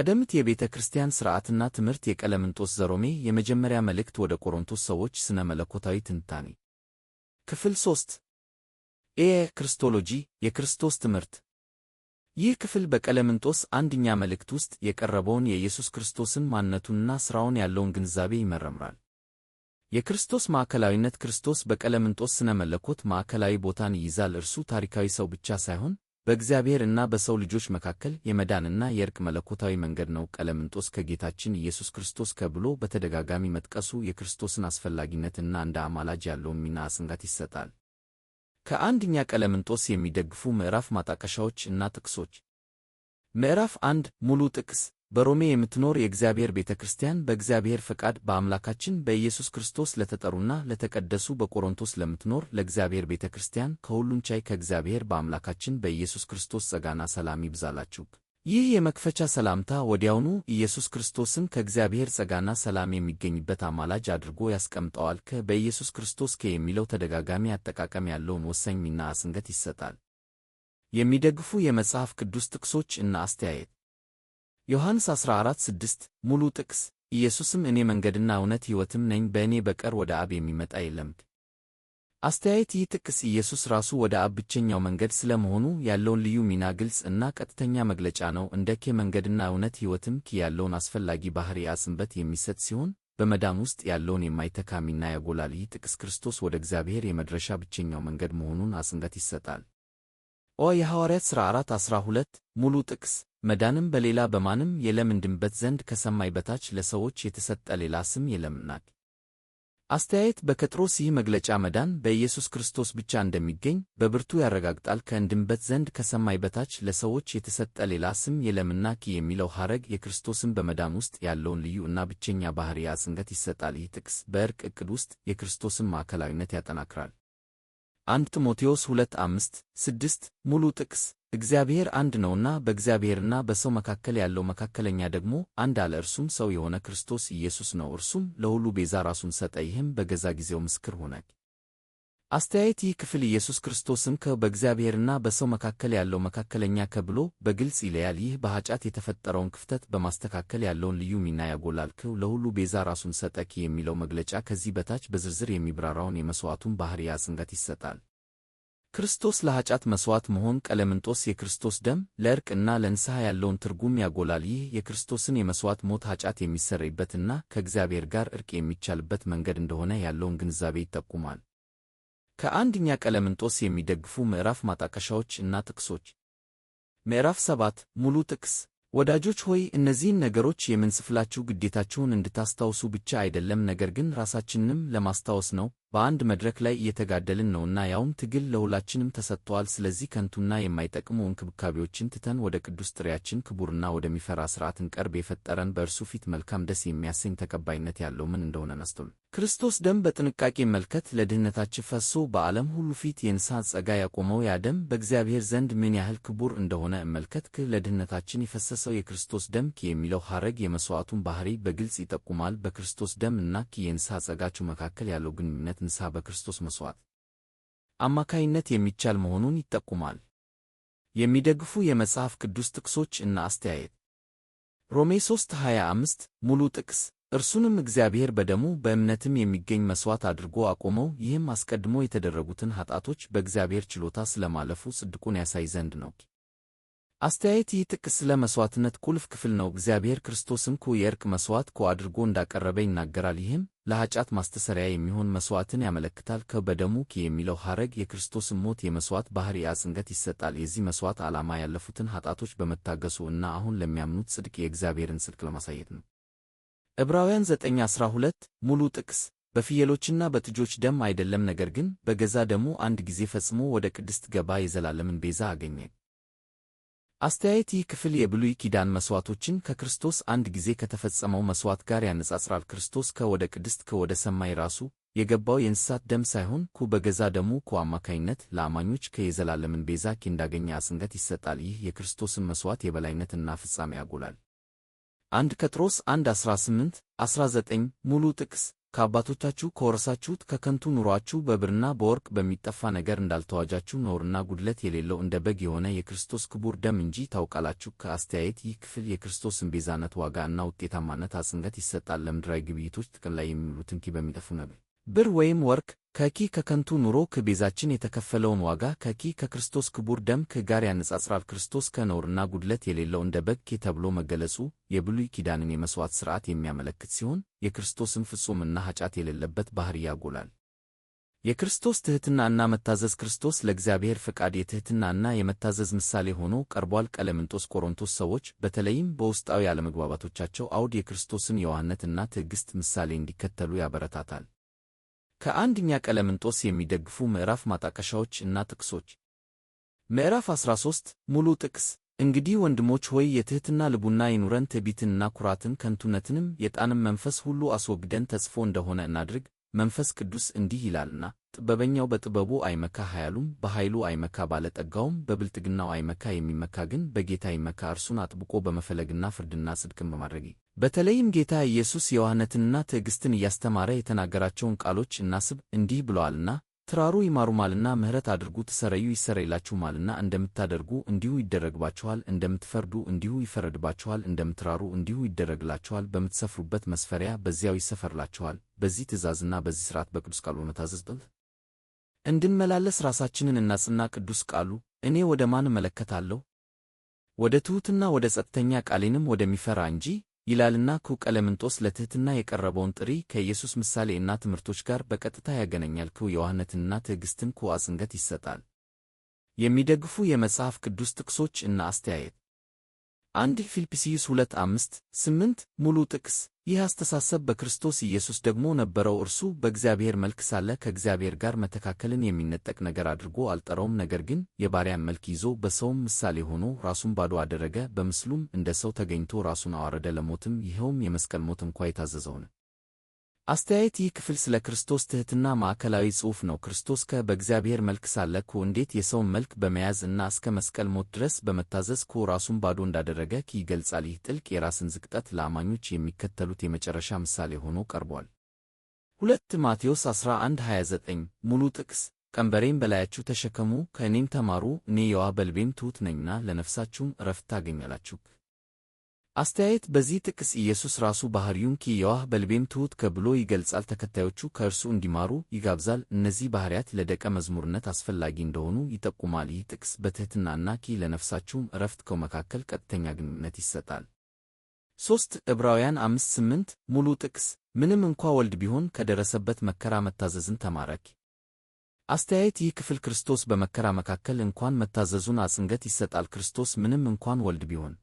ቀደምት የቤተ ክርስቲያን ሥርዓትና ትምህርት የቀለምንጦስ ዘሮሜ የመጀመሪያ መልእክት ወደ ቆሮንቶስ ሰዎች ሥነ መለኮታዊ ትንታኔ ክፍል 3 ኤ ክርስቶሎጂ የክርስቶስ ትምህርት ይህ ክፍል በቀለምንጦስ አንደኛ መልእክት ውስጥ የቀረበውን የኢየሱስ ክርስቶስን ማንነቱንና ሥራውን ያለውን ግንዛቤ ይመረምራል። የክርስቶስ ማዕከላዊነት ክርስቶስ በቀለምንጦስ ሥነ መለኮት ማዕከላዊ ቦታን ይይዛል። እርሱ ታሪካዊ ሰው ብቻ ሳይሆን በእግዚአብሔር እና በሰው ልጆች መካከል የመዳንና የእርቅ መለኮታዊ መንገድ ነው። ቀለምንጦስ ከጌታችን ኢየሱስ ክርስቶስ ከብሎ በተደጋጋሚ መጥቀሱ የክርስቶስን አስፈላጊነትና እንደ አማላጅ ያለውን ሚና አስንጋት ይሰጣል። ከአንደኛ ቀለምንጦስ የሚደግፉ ምዕራፍ ማጣቀሻዎች እና ጥቅሶች ምዕራፍ አንድ ሙሉ ጥቅስ በሮሜ የምትኖር የእግዚአብሔር ቤተ ክርስቲያን በእግዚአብሔር ፈቃድ በአምላካችን በኢየሱስ ክርስቶስ ለተጠሩና ለተቀደሱ በቆሮንቶስ ለምትኖር ለእግዚአብሔር ቤተ ክርስቲያን ከሁሉን ቻይ ከእግዚአብሔር በአምላካችን በኢየሱስ ክርስቶስ ጸጋና ሰላም ይብዛላችሁ። ይህ የመክፈቻ ሰላምታ ወዲያውኑ ኢየሱስ ክርስቶስን ከእግዚአብሔር ጸጋና ሰላም የሚገኝበት አማላጅ አድርጎ ያስቀምጠዋል። ከ በኢየሱስ ክርስቶስ ከ የሚለው ተደጋጋሚ አጠቃቀም ያለውን ወሳኝ ሚና አስንገት ይሰጣል። የሚደግፉ የመጽሐፍ ቅዱስ ጥቅሶች እና አስተያየት ዮሐንስ 14:6 ሙሉ ጥቅስ ኢየሱስም እኔ መንገድና እውነት ሕይወትም ነኝ በእኔ በቀር ወደ አብ የሚመጣ የለም። አስተያየት ይህ ጥቅስ ኢየሱስ ራሱ ወደ አብ ብቸኛው መንገድ ስለ መሆኑ ያለውን ልዩ ሚና ግልጽ እና ቀጥተኛ መግለጫ ነው። እንደ ኬ መንገድና እውነት ሕይወትም ኪ ያለውን አስፈላጊ ባሕሪ አጽንዖት የሚሰጥ ሲሆን በመዳን ውስጥ ያለውን የማይተካ ሚና ያጎላል። ይህ ጥቅስ ክርስቶስ ወደ እግዚአብሔር የመድረሻ ብቸኛው መንገድ መሆኑን አጽንዖት ይሰጣል። ኦ የሐዋርያት ሥራ 4:12 ሙሉ ጥቅስ መዳንም በሌላ በማንም የለም እንድንበት ዘንድ ከሰማይ በታች ለሰዎች የተሰጠ ሌላ ስም የለምናል። አስተያየት በከጥሮስ ይህ መግለጫ መዳን በኢየሱስ ክርስቶስ ብቻ እንደሚገኝ በብርቱ ያረጋግጣል። ከእንድንበት ዘንድ ከሰማይ በታች ለሰዎች የተሰጠ ሌላ ስም የለምናኪ የሚለው ሐረግ የክርስቶስን በመዳን ውስጥ ያለውን ልዩ እና ብቸኛ ባሕርይ አጽንዖት ይሰጣል። ይህ ጥቅስ በዕርቅ ዕቅድ ውስጥ የክርስቶስን ማዕከላዊነት ያጠናክራል። አንድ ጢሞቴዎስ 2 5 6 ሙሉ ጥቅስ እግዚአብሔር አንድ ነውና በእግዚአብሔርና በሰው መካከል ያለው መካከለኛ ደግሞ አንድ አለ እርሱም ሰው የሆነ ክርስቶስ ኢየሱስ ነው እርሱም ለሁሉ ቤዛ ራሱን ሰጠ ይህም በገዛ ጊዜው ምስክር ሆነች አስተያየት ይህ ክፍል ኢየሱስ ክርስቶስን ከ በእግዚአብሔርና በሰው መካከል ያለው መካከለኛ ከ ብሎ በግልጽ ይለያል። ይህ በኃጢአት የተፈጠረውን ክፍተት በማስተካከል ያለውን ልዩ ሚና ያጎላል። ከ ለሁሉ ቤዛ ራሱን ሰጠኪ የሚለው መግለጫ ከዚህ በታች በዝርዝር የሚብራራውን የመሥዋዕቱን ባሕርይ አጽንዖት ይሰጣል። ክርስቶስ ለኃጢአት መሥዋዕት መሆን ቀለምንጦስ የክርስቶስ ደም ለእርቅና እና ለንስሐ ያለውን ትርጉም ያጎላል። ይህ የክርስቶስን የመሥዋዕት ሞት ኃጢአት የሚሰረይበትና ከእግዚአብሔር ጋር እርቅ የሚቻልበት መንገድ እንደሆነ ያለውን ግንዛቤ ይጠቁማል። ከአንደኛ ቀለምንጦስ የሚደግፉ ምዕራፍ ማጣቀሻዎች እና ጥቅሶች። ምዕራፍ ሰባት ሙሉ ጥቅስ። ወዳጆች ሆይ እነዚህን ነገሮች የምንጽፍላችሁ ግዴታችሁን እንድታስታውሱ ብቻ አይደለም፣ ነገር ግን ራሳችንንም ለማስታወስ ነው። በአንድ መድረክ ላይ እየተጋደልን ነውና ያውም ትግል ለሁላችንም ተሰጥቷል። ስለዚህ ከንቱና የማይጠቅሙ እንክብካቤዎችን ትተን ወደ ቅዱስ ጥሪያችን ክቡርና ወደሚፈራ ሥርዓት እንቀርብ። የፈጠረን በእርሱ ፊት መልካም ደስ የሚያሰኝ ተቀባይነት ያለው ምን እንደሆነ ነስቶን ክርስቶስ ደም በጥንቃቄ መልከት ለድህነታችን ፈሶ በዓለም ሁሉ ፊት የንስሐ ጸጋ ያቆመው ያ ደም በእግዚአብሔር ዘንድ ምን ያህል ክቡር እንደሆነ እመልከት። ለድህነታችን የፈሰሰው የክርስቶስ ደም ኪ የሚለው ሐረግ የመሥዋዕቱን ባሕሪ በግልጽ ይጠቁማል። በክርስቶስ ደም እና ኪ የንስሐ ጸጋችሁ መካከል ያለው ግንኙነት ንስሐ በክርስቶስ መሥዋዕት አማካይነት የሚቻል መሆኑን ይጠቁማል። የሚደግፉ የመጽሐፍ ቅዱስ ጥቅሶች እና አስተያየት ሮሜ 3:25 ሙሉ ጥቅስ እርሱንም እግዚአብሔር በደሙ በእምነትም የሚገኝ መሥዋዕት አድርጎ አቆመው፣ ይህም አስቀድሞ የተደረጉትን ኃጢአቶች በእግዚአብሔር ችሎታ ስለማለፉ ጽድቁን ያሳይ ዘንድ ነው። አስተያየት ይህ ጥቅስ ስለ መሥዋዕትነት ቁልፍ ክፍል ነው። እግዚአብሔር ክርስቶስም ኩ የእርቅ መሥዋዕት ኩ አድርጎ እንዳቀረበ ይናገራል። ይህም ለኃጢአት ማስተሰሪያ የሚሆን መሥዋዕትን ያመለክታል። ከ በደሙ ኪ የሚለው ሐረግ የክርስቶስን ሞት የመሥዋዕት ባሕርይ አጽንዖት ይሰጣል። የዚህ መሥዋዕት ዓላማ ያለፉትን ኃጢአቶች በመታገሱ እና አሁን ለሚያምኑት ጽድቅ የእግዚአብሔርን ጽድቅ ለማሳየት ነው። ዕብራውያን 9:12 ሙሉ ጥቅስ በፍየሎችና በጥጆች ደም አይደለም፣ ነገር ግን በገዛ ደሙ አንድ ጊዜ ፈጽሞ ወደ ቅድስት ገባ የዘላለምን ቤዛ አገኘ። አስተያየት ይህ ክፍል የብሉይ ኪዳን መሥዋዕቶችን ከክርስቶስ አንድ ጊዜ ከተፈጸመው መሥዋዕት ጋር ያነጻጽራል። ክርስቶስ ከ ወደ ቅድስት ከ ወደ ሰማይ ራሱ የገባው የእንስሳት ደም ሳይሆን ኩ በገዛ ደሙ ኩ አማካኝነት ለአማኞች ከየዘላለምን ቤዛ ኪ እንዳገኘ አጽንዖት ይሰጣል። ይህ የክርስቶስን መሥዋዕት የበላይነትና ፍጻሜ ያጎላል። አንድ ጴጥሮስ 1 18 19 ሙሉ ጥቅስ ከአባቶቻችሁ ከወረሳችሁት ከከንቱ ኑሯችሁ በብርና በወርቅ በሚጠፋ ነገር እንዳልተዋጃችሁ ነውርና ጉድለት የሌለው እንደ በግ የሆነ የክርስቶስ ክቡር ደም እንጂ ታውቃላችሁ። ከአስተያየት ይህ ክፍል የክርስቶስን ቤዛነት ዋጋ እና ውጤታማነት አጽንዖት ይሰጣል። ለምድራዊ ግብይቶች ጥቅም ላይ የሚውሉትን በሚጠፉ ነበር ብር ወይም ወርቅ ከኪ ከከንቱ ኑሮ ከቤዛችን የተከፈለውን ዋጋ ከኪ ከክርስቶስ ክቡር ደም ከጋር ጋር ያነጻጽራል። ክርስቶስ ከነውርና ጉድለት የሌለው እንደ በግ ተብሎ መገለጹ የብሉይ ኪዳንን የመሥዋዕት ሥርዓት የሚያመለክት ሲሆን የክርስቶስን ፍጹምና ኃጢአት የሌለበት ባሕርይ ያጎላል። የክርስቶስ ትሕትናና መታዘዝ ክርስቶስ ለእግዚአብሔር ፈቃድ የትሕትናና የመታዘዝ ምሳሌ ሆኖ ቀርቧል። ቀለምንጦስ ቆሮንቶስ ሰዎች በተለይም በውስጣዊ አለመግባባቶቻቸው አውድ የክርስቶስን የዋህነትና ትዕግሥት ምሳሌ እንዲከተሉ ያበረታታል። ከአንደኛ ቀለምንጦስ የሚደግፉ ምዕራፍ ማጣቀሻዎች እና ጥቅሶች። ምዕራፍ 13 ሙሉ ጥቅስ። እንግዲህ ወንድሞች ሆይ የትሕትና ልቡና ይኑረን፣ ትዕቢትንና ኩራትን፣ ከንቱነትንም የጣንም መንፈስ ሁሉ አስወግደን ተጽፎ እንደሆነ እናድርግ። መንፈስ ቅዱስ እንዲህ ይላልና ጥበበኛው በጥበቡ አይመካ፣ ኃያሉም በኃይሉ አይመካ፣ ባለጠጋውም በብልጥግናው አይመካ። የሚመካ ግን በጌታ ይመካ፣ እርሱን አጥብቆ በመፈለግና ፍርድና ጽድቅን በማድረግ በተለይም ጌታ ኢየሱስ የዋህነትንና ትዕግሥትን እያስተማረ የተናገራቸውን ቃሎች እናስብ። እንዲህ ብለዋልና ትራሩ ይማሩማልና ምሕረት አድርጉ ትሰረዩ ይሰረይላችሁማልና እንደምታደርጉ እንዲሁ ይደረግባችኋል። እንደምትፈርዱ እንዲሁ ይፈረድባችኋል። እንደምትራሩ እንዲሁ ይደረግላችኋል። በምትሰፍሩበት መስፈሪያ በዚያው ይሰፈርላችኋል። በዚህ ትእዛዝና በዚህ ሥርዓት በቅዱስ ቃሉ ታዘዝበት እንድንመላለስ ራሳችንን እናጽና። ቅዱስ ቃሉ እኔ ወደ ማን እመለከታለሁ? ወደ ትሑትና ወደ ጸጥተኛ ቃሌንም ወደሚፈራ እንጂ ይላልና ኩ ቀለምንጦስ ለትሕትና የቀረበውን ጥሪ ከኢየሱስ ምሳሌ እና ትምህርቶች ጋር በቀጥታ ያገናኛል። ኩ የዋህነትንና ትዕግሥትን ኩ አጽንገት ይሰጣል። የሚደግፉ የመጽሐፍ ቅዱስ ጥቅሶች እና አስተያየት አንድ ፊልጵስዩስ 2፥5-8 ሙሉ ጥቅስ ይህ አስተሳሰብ በክርስቶስ ኢየሱስ ደግሞ ነበረው። እርሱ በእግዚአብሔር መልክ ሳለ ከእግዚአብሔር ጋር መተካከልን የሚነጠቅ ነገር አድርጎ አልጠራውም። ነገር ግን የባሪያን መልክ ይዞ በሰውም ምሳሌ ሆኖ ራሱን ባዶ አደረገ፣ በምስሉም እንደ ሰው ተገኝቶ ራሱን አዋረደ፣ ለሞትም ይኸውም የመስቀል ሞት እንኳ የታዘዘውን አስተያየት ይህ ክፍል ስለ ክርስቶስ ትሕትና ማዕከላዊ ጽሑፍ ነው። ክርስቶስ ከ በእግዚአብሔር መልክ ሳለ ኩ እንዴት የሰውን መልክ በመያዝ እና እስከ መስቀል ሞት ድረስ በመታዘዝ ኩ ራሱን ባዶ እንዳደረገ ክ ይገልጻል። ይህ ጥልቅ የራስን ዝቅጠት ለአማኞች የሚከተሉት የመጨረሻ ምሳሌ ሆኖ ቀርቧል። ሁለት ማቴዎስ 11:29 ሙሉ ጥቅስ ቀንበሬም በላያችሁ ተሸከሙ፣ ከእኔም ተማሩ፣ እኔ የዋህ በልቤም ትሑት ነኝና ለነፍሳችሁም ዕረፍት ታገኛላችሁ። አስተያየት በዚህ ጥቅስ ኢየሱስ ራሱ ባሕርዩም ኪ በልቤም ትሑት ከብሎ ይገልጻል። ተከታዮቹ ከእርሱ እንዲማሩ ይጋብዛል። እነዚህ ባሕርያት ለደቀ መዝሙርነት አስፈላጊ እንደሆኑ ይጠቁማል። ይህ ጥቅስ በትሕትናና ኪ ለነፍሳችሁም ዕረፍት ከው መካከል ቀጥተኛ ግንኙነት ይሰጣል። ሦስት ዕብራውያን አምስት ስምንት ሙሉ ጥቅስ ምንም እንኳ ወልድ ቢሆን ከደረሰበት መከራ መታዘዝን ተማረክ አስተያየት ይህ ክፍል ክርስቶስ በመከራ መካከል እንኳን መታዘዙን አጽንዖት ይሰጣል። ክርስቶስ ምንም እንኳን ወልድ ቢሆን